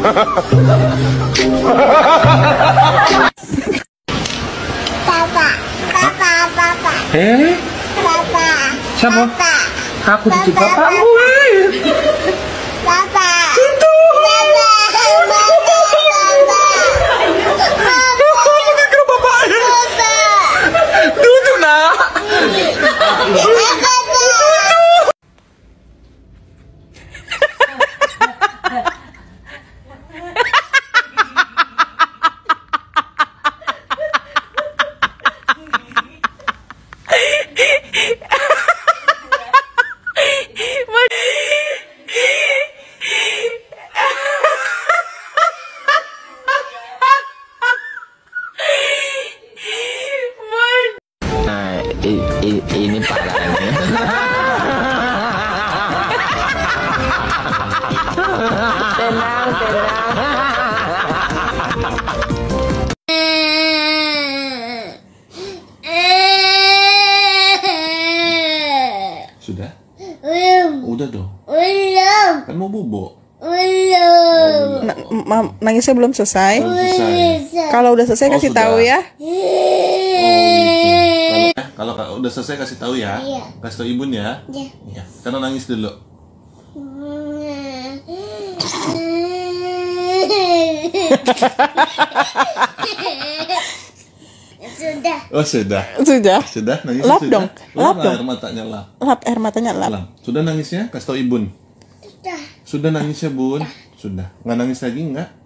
Papa, papa, papa. Eh? Papa. Siapa? Papa. Aku cucu Papa. Papa. ini parah ini. tenang, tenang. Sudah? Belum. Udah dong. Belum. Kan mau bobo. Belum. Oh, iya. nangisnya belum selesai. Belum selesai. Kalau udah selesai oh, kasih sudah. tahu ya. Iya. Kalau udah selesai kasih tahu ya. Iya. Kasih tahu ibun ya. Iya. Iya. Karena nangis dulu. sudah. Oh sudah. Sudah. Sudah nangis. Lap dong. Oh, lap, lap dong. Air matanya lap. Lap air matanya lap. lap. Sudah nangisnya? Kasih tahu ibun. Sudah. Sudah nangisnya bun. Sudah. Nggak nangis lagi nggak?